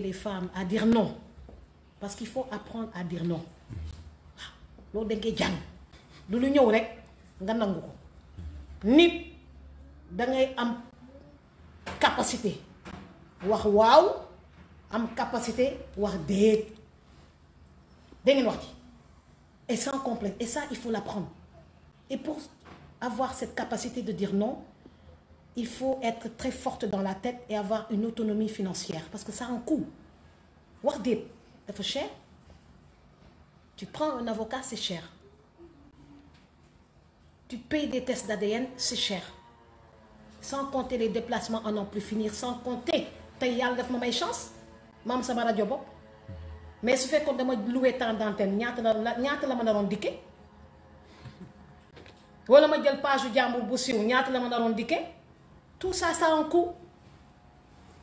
les femmes à dire non parce qu'il faut apprendre à dire non waaw loolu da jàng du lu ñëw rek nga nangu ko nit da ngay am capacité wax waaw am capacité wax déet da wax ci et sans complexe et ça il faut l'apprendre et pour avoir cette capacité de dire non il faut être très forte dans la tête et avoir une autonomie financière parce que ça un coût wax déet dafa cher tu prends un avocat c'est cher tu payes des tests d'ADN c'est cher sans compter les déplacements à n'en plus finir sans compter te yàlla daf ma may chance ma am sama rajo bopp mais su fekkoon dama loué temps d'antenne ñaata la ñaata la ma naroon dikkee wala ma jël page yu jàmbur bu siiw ñaata la ma naroon dikkee tout ça ça a un coût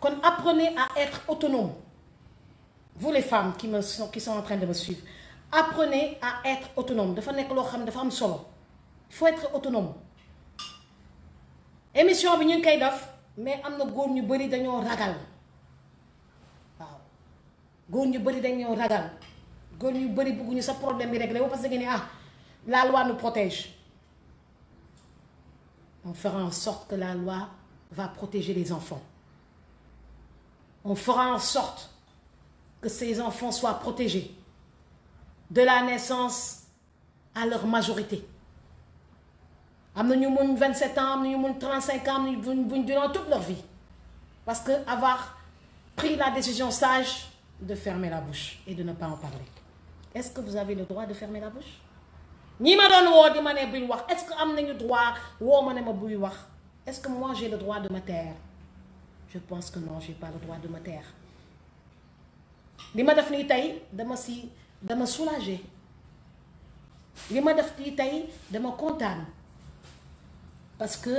kon apprenez à être autonome vous les femmes qui me sont qui sont de me suivre apprenez à être autonome dafa nekk loo xam ne dafa am solo il faut autonome émission bi ñu koy def mais am na góor ñu bari dañoo ragal waaw góor ñu bëri dañoo ragal góor ñu bari bëgguñu sa problème bi réglé parce que ngeen ne ah la loi nous protège on fera en sorte que loi va protéger les enfants. On fera en sorte que ces enfants soient protégés de la naissance à leur majorité. am na ñu mun 27 ans am na ñu mun 35 ans am na ñu buñ durant toute leur vie parce que avoir pris la décision sage de fermer la bouche et de ne pas en parler est-ce que vous avez le droit de fermer la bouche ñi ma doon woo di ma ne buñ wax est-ce que am nañu droit woo ma ne ma buy wax Est-ce que moi le droit de me taire je pense que non j'ai pas le droit de me taire li ma def nii tey dama si dama soulagé li ma def nii tey dama kontaan parce que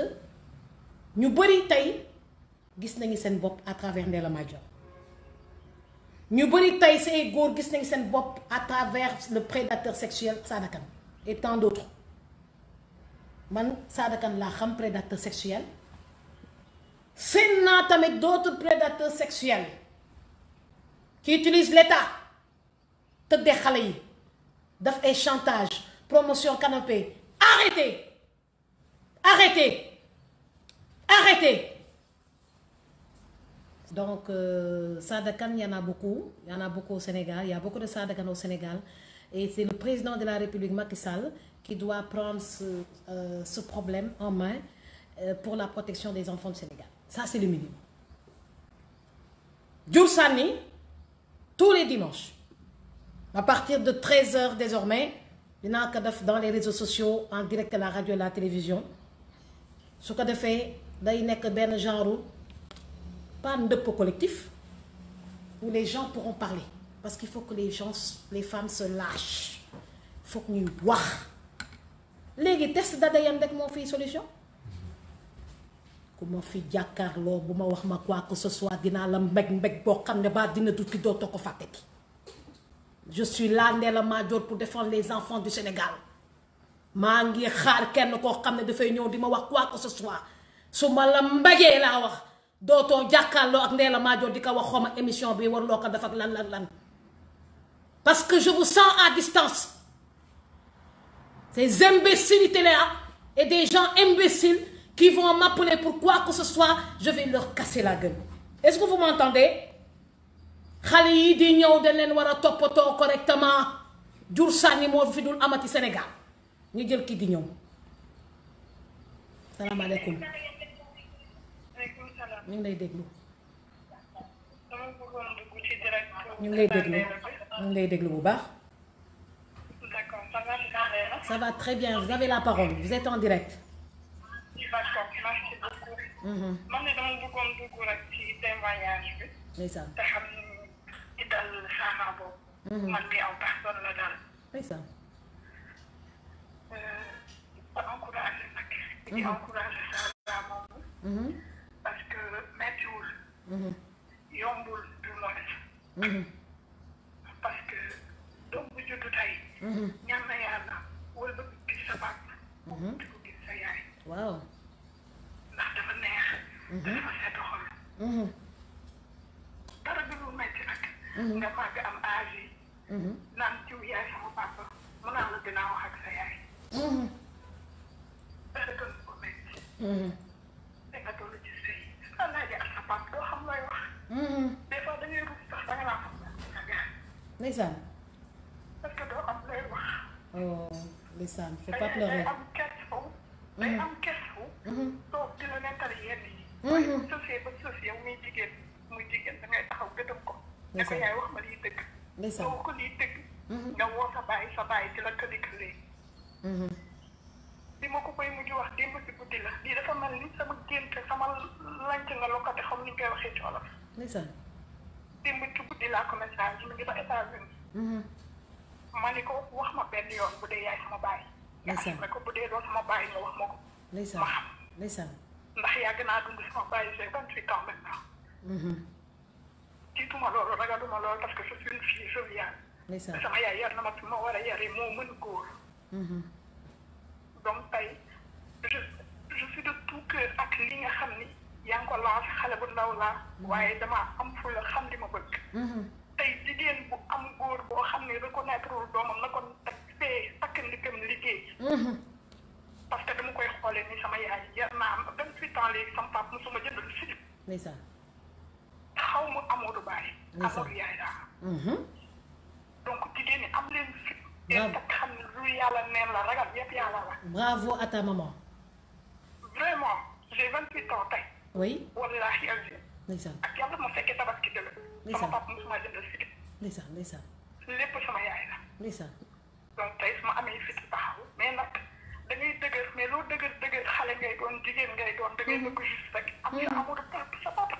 ñu bëri tey gis nañu seen bopp à travers Ndella Madior ñu bëri tey say góor gis nañu seen bopp à travers le prédateur sexuel Sada Kane et tant d'autres man Sada Kane laa xam prédateur sexuel seen naa tamit d'autres prédateurs sexuels qui utilisent l'état tëddee xale yi daf ay chantage promotion canapé arrêtez arrêtez arrêtez donc euh, Sada Kane y en a beaucoup y en a beaucoup au Sénégal y a beaucoup de Sada au Sénégal et c'est le président de la République Macky Sall qui doit prendre ce, euh, ce problème en main euh, pour la protection des enfants du Sénégal. Ça, c'est le minimum. sanni tous les dimanches, à partir de 13h désormais, dans les réseaux sociaux, en direct à la radio et à la télévision, su ko defee day nekk benn genre pas ndëpp collectif ou les gens pourront parler parce qu'il faut que les les femmes se lâchent il faut que ñuy wax léegi test d'ADN rek moo fi solution ku ma fi jàkkaarloo bu ma wax ma quoi que ce soit dinaa la mbeg mbég boo xam ne ba dina tukki dootoo ko fàtteti je suis là Ndella Madior pour défendre les enfants du Sénégal maa ngi xaar kenn koo xam ne dafay ñëw di ma wax quoi que ce soit su ma la mbagee laa wax dootoo jàkkaarloo ak Ndella Madior di ko wax xoma émission bi warloo ko def lan lan lan parce que je vous sens à distance Ces imbécilités-là et des gens imbéciles qui vont m'appeler pour quoi que ce soit, je vais leur casser la gueule. Est-ce que vous m'entendez? xale yii di ñëw dañ leen war a toppatoo correctement jur sànni moo fi dul amati Sénégal ñu jël kii di ñëw salaamaaleykum ñu ngi lay déglu ñu ngi lay déglu ñu ngi lay déglu bu baax. Ça va très bien vous avez la parole vous êtes en direct. d'accord merci beaucoup. Mhm. man de dama bëggoon dugg rek ci témoignage bi. ndeysaan te xam ni dal saama boobu. Mhm. man mii aw personne la dal. ndeysaan. Euh, di encouragé nag. di mhm. encouragé saama boobu. parce que méttiwul. yombul du moins. parce que doom bu juddu tey. màgg am âge yi. Mhm. naan jiw yaay sama papa mu naan la dinaa wax ak sa yaay. Mhm. dafa doon ko métti. Mhm. danga doon ci sëy naan naa ji ak sa papa doo xam looy wax. des fois da ngay rus sax da nga laa xam sa yaay. ndeysaan. parce que doo am looy wax. oh ndeysaan fais pas pleurer. day am kersaw. day am kersaw. toog dina nettali yenn yi. waaye bu sësee ba sës yow muy jigéen muy jigéen da ngay taxaw gëdëm ko. ne ma lii dëgg. ko lii dëgg. Mm-hmm. nga woo sa baay sa baay mm-hmm. li ma ko koy mujj wax démb si guddi la lii dafa mel ni sama gént sama lanc nga lokkate xam ñu koy waxee ci wolof. ndeysaan. ci guddi laa ko message mu mm-hmm. ma ni ko wax ma benn yoon bu dee yaay sama baay. ndeysaan ma ko bu dee doo sama baay nga wax ma ko. ndeysaan ma xam. ndeysaan. ndax yàgg naa dund sama baay j'ai vingt-huit ans maintenant. tiituma loolu ragaluma loolu parce que je suis une fille joviale. sama yaay yar na ma fi ma war a yaree moo mën góor. Mm-hmm. donc tey je je de tout cœur ak li nga xam ni yaa ngi ko laaj xale bu ndaw laa. Mm-hmm. waaye damaa am fula xam li ma bëgg. Mm-hmm. tey jigéen bu am góor boo xam ne reconnaître wul doomam na ko fee takk ndikam liggéey. parce que dama koy xoolee ni sama yaay yar naa am vingt-huit ans léegi sama papa mosuma jëndal xaw ma Amadou Baye. Amadou Yaay laa. Mhm. donc jigéen ñi am leen fit. waaw te xam ne lu yàlla neen la ragal yëpp yàlla la. bravo a ta maman. vraiment j'ai vingt-huit ans tey. oui wallaahi algérie. ndeysaan ak yàlla ma fekkee tabaski dëgg. ndeysaan sama papa mosuma jëndal fit. ndeysaan lépp sama yaay la. ndeysaan. donc tey su ma amee fit taxaw mais nag dangay dëgër mais loo dëgër dëgër xale ngay doon jigéen ngay doon dangay dëgg mhm. juste rek. am na mhm. amul sa papa.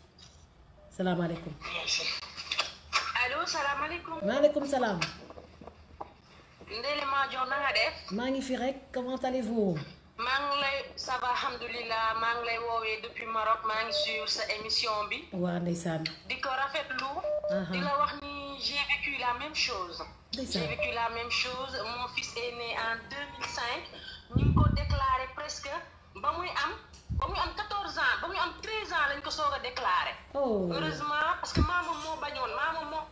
salaamaaleykum. allo salaamaaleykum. maaleykum salaam. Ndéli Madior na nga def. maa ngi fi rek comment allez-vous. maa ngi lay ça va alhamdulilah maa ngi lay woowee depuis Maroc maa ngi suivre sa émission bi. waa ndeysaan. di ko rafetlu. di la wax ni j'ai vécu la même chose. j'ai vécu la même chose mon fils est né en 2005 ko déclaré presque. ba muy am ba muy am quatorze ans ba muy am treize ans lañ ko soog a oh. heureusement parce que maamam moo bañoon maamam moo.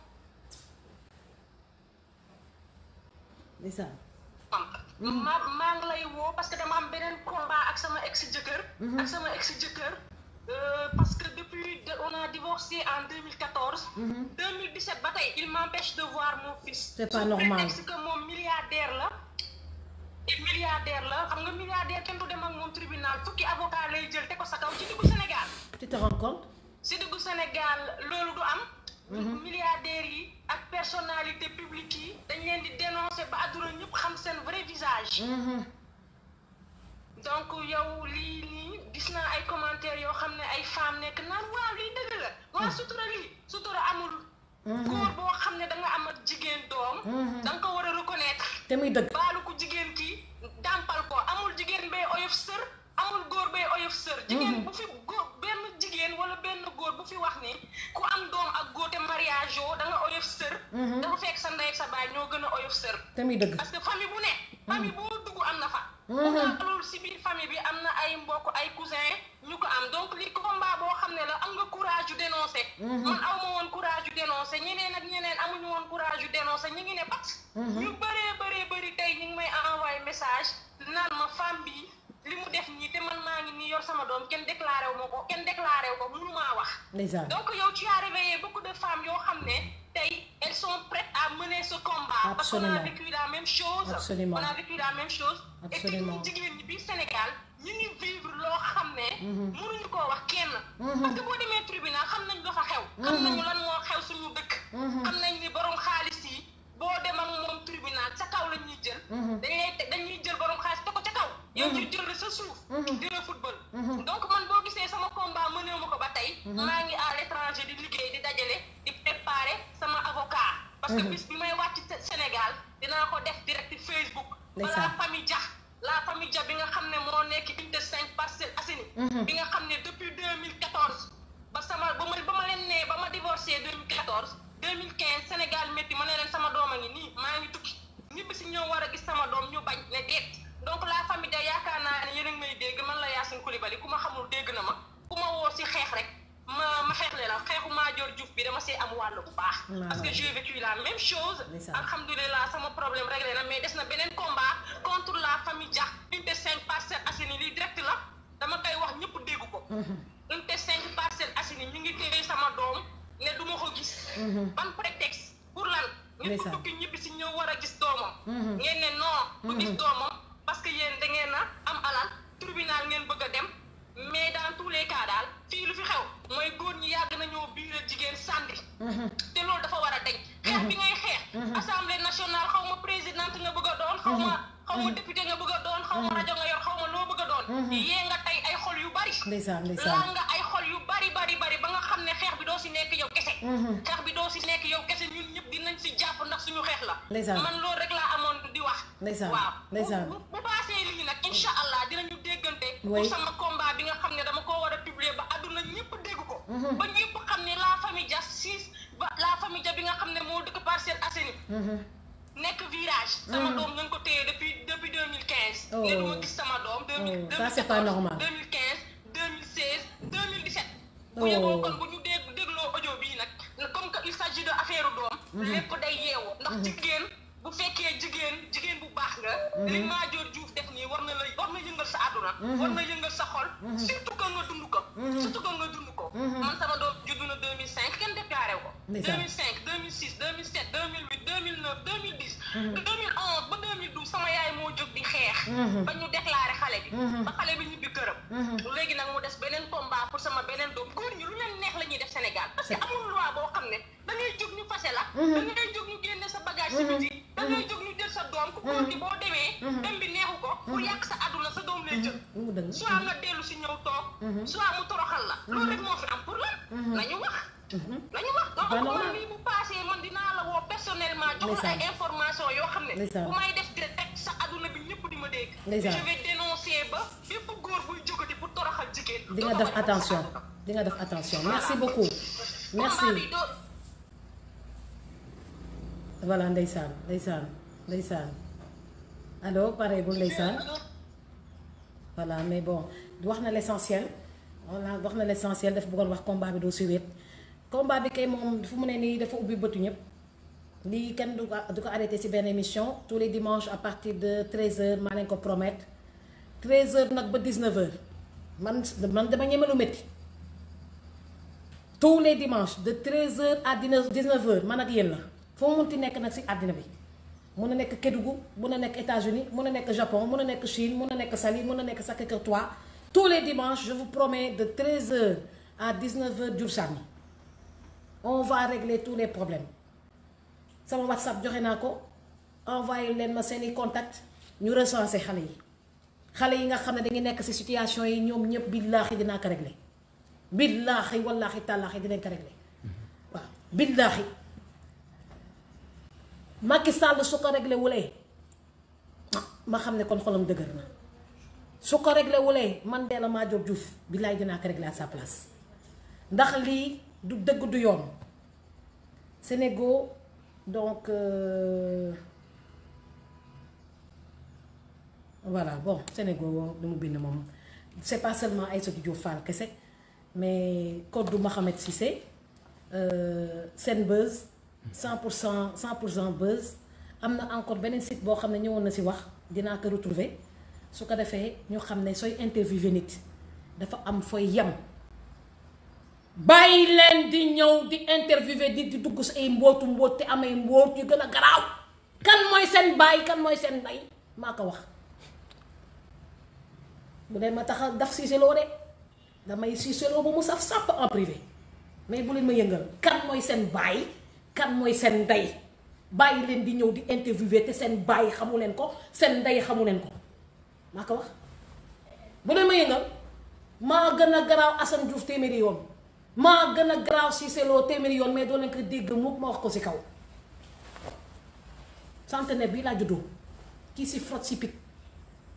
ndeysaan. ma maa ngi lay woo parce que dama am beneen combat ak sama ex jëkkër. Mhm. ak sama ex jëkkër. Euh, parce que depuis on a divorcé en 2014. 2017 mhm. ba tey il m'empêche de voir mon fils. c'est pas normal sous prétexte que moom milliardaire la. milliardaire la xam nga milliardaire kenn du dem moom tribunal tukki avocat lay jël te ko sa kaw ci diggu Sénégal. tu te rends compte. ci diggu Sénégal loolu du am. Mm-hmm. milliardaires yi ak personnalité publique yi dañ leen di dénoncer ba àdduna ñëpp xam seen vrai visage. Mm-hmm. donc yow lii nii gis naa ay commentaires yoo xam ne ay femmes nekk naan waaw lii dëgg la waa mm-hmm. sutura lii sutura amul. góor boo xam ne da nga am ak jigéen doom. da ko war a reconnaître. te muy dëgg. Sénégal ñoo gën a oyof sër. tamit dëgg parce que famille bu ne. famille boo dugg am na fa. pourtant mm-hmm. loolu si biir famille bi am na ay mbokk ay cousin ñu ko am donc li combat boo xam ne la am nga courage yu dénoncé. Mm-hmm. man aw ma woon courage yu dénoncé ñeneen ak ñeneen amuñu woon courage yu dénoncé ñu ngi ne pat. Mm-hmm. ñu bëree bëree bëri tey ñu ngi may envoyé message naan ma femme bi li mu def nii te man maa ngi nii yor sama doom kenn déclaré wu ma ko kenn déclaré wu ko mënu maa wax. donc yow ci arrivé Parce qu'on a vécu la même chose. Absolument. On a vécu la même chose. Absolument. Et jigéen ñi biir Sénégal ñu ngi vivre loo xam ne. Mhm. mënuñu koo wax kenn. Mhm. parce que boo demee tribunal xam nañ lu fa xew. daal métti ma ne leen sama doom a ngi nii maa ngi tukki ñëpp si ñoo war a gis sama doom ñu bañ ne déet donc la famille da yaakaar naa ne yéen a dégg man la Yacine Coulibaly ku ma xamul dégg na ma ku ma woo si xeex rek ma ma xeex la xeexu Madior Diouf bi dama see am wàll bu baax parce que j'ai vécu la sama problème mais des na beneen combat contre la famille Dia unité cinq Parcelles Assainies lii direct la dama koy wax ñëpp dégg ko mhm. unité cinq Parcelles Assainies ñu ngi téye sama doom ne du ma ko gis mhm. ban nit ku tukki ñibbi si ñëw war a gis doomam mm-hmm. ngeen ne non bu mm-hmm. gis doomam parce que yéen da am alal tribunal ngeen bëgg a dem mais dans tous les cas daal fii lu fi xew mooy góor ñi yàgg nañoo biiral jigéen sànni mm-hmm. te loolu dafa war a deñ xeex bi ngay xeex assemblée nationale xaw ma présidente nga bëgg a doon xaw ma xaw ma député nga bëgg a doon xaw ma rajo nga yor xaw ma loo bëgg a doon yée nga tey ay xol yu bari ndeysaan ndeysaan ci nekk yow kese mhm. xeex bi doo si nekk yow kese ñun ñëpp dinañ si jàpp ndax suñu xeex la man loolu rek laa amoon di wax waaw bu paasee lii nag insha allah dinañu déggante pour sama combat bi nga xam ne dama ko war a publier ba àdduna ñëpp dégg ko mhm. ba ñëpp xam ne la famille Dia siis ba la famille Dia bi nga xam ne moo dëkk Parcelles Assainies mhm. nekk virage sama doom nga ko téye depuis depuis deux mille quinze léegi oh. ma gis sama doom oh. deux mille quinze Mm-hmm. léegi nag mu des beneen combat pour sama beneen doom góor ñi lu leen neex la def Sénégal parce que amul loi boo xam ne da ngay jóg ñu fase la mm-hmm. da jóg ñu sa bagage mm-hmm. da ngay jóg ñu jël sa doom ku góor boo demee dem bi neexu ko pour yàq sa àdduna sa doom lay jël soit nga dellu si ñëw toog soit mu toroxal la loolu rek moo fi am pour lan nañu wax nañu wax donc man mii bu passé man dinaa la woo personnellement jox la ay yoo xam ne bu may def direct sa àdduna bi ñëpp di ma di nga def attention di nga def attention merci beaucoup merci voilà ndeysaan ndeysaan ndeysaan allo pare bu ndeysaan voilà mais bon wax na l'essentiel voilà wax na l'essentiel dafa bëggoon wax combat bi doo si wéet combat bi kay moom fu mu ne nii dafa ubbi bëtu ñëpp lii kenn du ko du ko arrêté ci benn émission tous les dimanches à partir de 13h maa leen ko promettre 13h nag ba 19h. man man dama ñeme lu métti tous les dimanches de 13h à 19h man ak yéen la foo munti nekk nag si àddina bi mun na nekk Kédougou mun a nekk États-Unis mun a nekk Japon mun a nekk Chine mun na nekk Saly mun na nekk Sacré-Cœur tous les dimanches je vous promets de 13h à 19h Diour Sane on va régler tous les problèmes sama WhatsApp joxe naa ko envoyé leen ma seeni contact ñu recenser xale yi. xale yi nga xam ne dañuy nekk si situation yi ñoom ñëpp billaahi dinaa ko réglé billaahi wallaahi tàllaahi dinañ ko réglé waaw billaahi Macky Sall su ko réglé ah, ma xam ne kon xolam dëgër na su ko réglé wulee man dee la maa jóg Diouf billaahi dinaa ko réglé à sa place ndax lii du dëgg du yoon Sénégal donc. Euh, voilà bon Sénégal lu mu bind moom c' est pas seulement Aïssatou Diop Fall kese mais Kodou Mohamed Cissé euh, seen Buzz cent pour cent cent pour cent Buzz am na encore beneen site boo xam ne ñëwoon na si wax dinaa ko retrouver su ko defee ñu xam ne sooy interviewé nit dafa am fooy yam bàyyi leen di ñëw di interviewé di di dugg si ay mbootu mboot te ay mboot yu gën a garaaw kan mooy seen bàyyi kan mooy seen ndey maa ko wax bu leen ma tax a daf siiseloo de damay siiseloo ba mu saf sàpp en privé mais bu leen ma yëngal kan mooy seen baay kan mooy seen ndey bàyyi leen di ñëw di interviewé te seen bàyyi xamu leen ko seen ndey xamu leen ko maa ko wax bu leen ma yëngal maa gën a garaaw Assane Diouf téeméeri yoon maa gën a garaaw siiseloo téeméeri yoon mais doo leen ko dégg mu ma wax ko si kaw centenaire bi laa juddoo kii si frotte si pic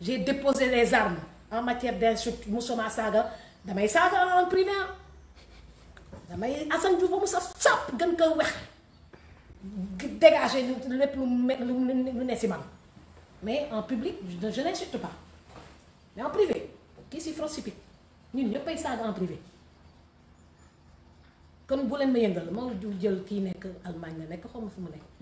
j'ai déposé les armes en matière d'insulte musuma saaga damay saaga en privé damay Assane Diouf ba mu sa sap gën ko wex dégager lépp lu lu ne si man mais en public je n'insulte pas mais en privé kii si France sipic ñun ñëpp ay saaga en privé kon bu leen ma yëngal moo jël kii nekk Allemagne la nekk xaw ma fu mu nekk